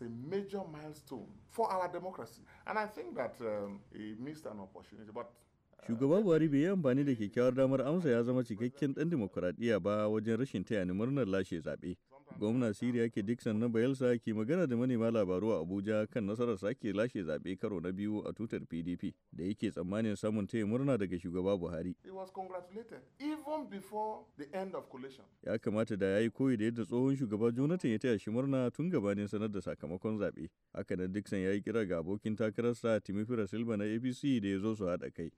as a major milestone for our democracy. And I think that um, missed an opportunity, but uh, Shugaba Buhari bai yi amfani da kyakkyawar damar amsa ya zama cikakken ɗan dimokuraɗiyya ba wajen rashin taya ni murnar lashe zaɓe. Gwamna Siriya ke Dixon na Bayelsa ke magana da manema labaru a Abuja kan nasarar sake lashe zaɓe karo na biyu a tutar PDP da yake tsammanin samun taya murna daga shugaba Buhari. Ya kamata da ya yi koyi da yadda tsohon shugaba Jonathan ya taya shi murna tun gabanin sanar da sakamakon zaɓe. Haka na Dixon ya yi kira ga abokin takararsa Timifira Silva na APC da ya zo su haɗa kai.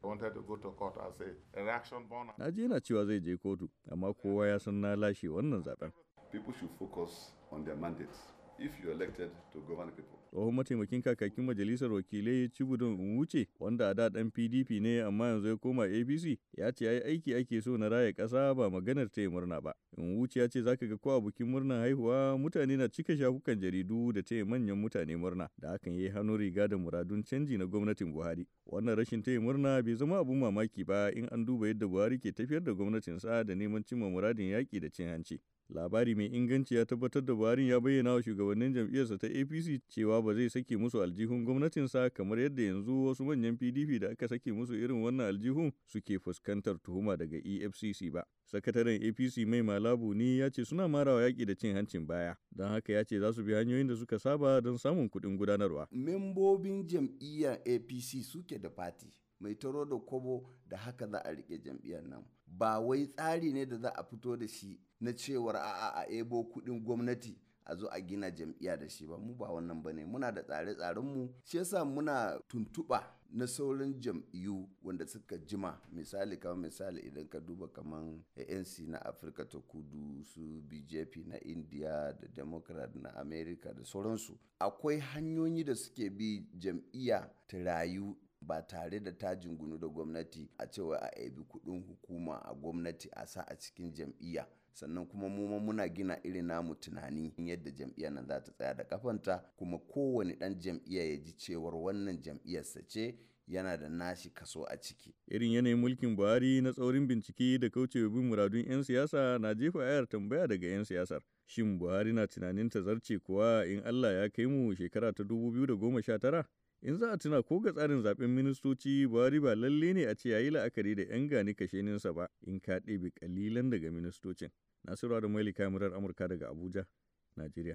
Na je yana cewa zai je kotu, amma kowa ya san na lashe wannan zaɓen. people should focus on their mandates. if you elected to govern people. Tsohon mataimakin kakakin majalisar wakilai in wuce wanda a da dan PDP ne amma yanzu ya koma APC ya ce yayi aiki ake so na raya kasa ba maganar ta murna ba. wuce ya ce zaka ga ko a bikin murnar haihuwa mutane na cika shafukan jaridu da taya manyan mutane murna da hakan yi hannu riga da muradun canji na gwamnatin Buhari. Wannan rashin taya murna bai zama abun mamaki ba in an duba yadda Buhari ke tafiyar da gwamnatinsa da neman cimma muradin yaƙi da cin hanci. labari mai inganci ya tabbatar da buhari ya bayyana wa shugabannin jam'iyyarsa ta apc cewa ba zai sake musu aljihun gwamnatinsa kamar yadda yanzu wasu manyan pdp da aka sake musu irin wannan aljihun suke fuskantar tuhuma daga efcc ba sakataren apc mai malabu ne ya ce suna marawa yaƙi da cin hancin baya don haka ya ce za su bi hanyoyin da suka saba don samun kuɗin gudanarwa membobin jam'iyyar apc suke da fati mai taro da kobo da haka za a rike jam'iyyar nan ba wai tsari ne da za a fito da shi na cewar a'a a ebo kudin gwamnati a zo a gina jam'iyya da shi ba mu ba wannan bane muna da tsare-tsaren mu shi yasa muna tuntuɓa na sauran jam'iyyu wanda suka jima misali kamar misali idan ka duba kamar anc na afirka ta kudu su bjp na india da democrat na america da sauransu akwai hanyoyi da suke bi jam'iyya ta rayu ba tare da ta jingunu da gwamnati a cewa a aibi kudin hukuma a gwamnati a sa a cikin jam'iyya sannan kuma mu muna gina irin namu tunani yadda jam'iyyar nan za ta tsaya da kafanta kuma kowane dan jam'iyya ya ji cewar wannan jam'iyyar sa ce yana da nashi kaso a ciki. Irin yanayin mulkin Buhari na tsaurin bincike da kaucewa bin muradun 'yan siyasa na jefa ayar tambaya daga 'yan siyasar. Shin Buhari na tunanin ta zarce kuwa in Allah ya kai mu shekara ta 2019? In za a tuna ko ga tsarin zaɓen ministoci Buhari ba lalle ne a ce yayi la'akari da 'yan gani ninsa ba in ka ɗebe kalilan daga ministocin. Nasiru da Maili kamarar Amurka daga Abuja, Najeriya.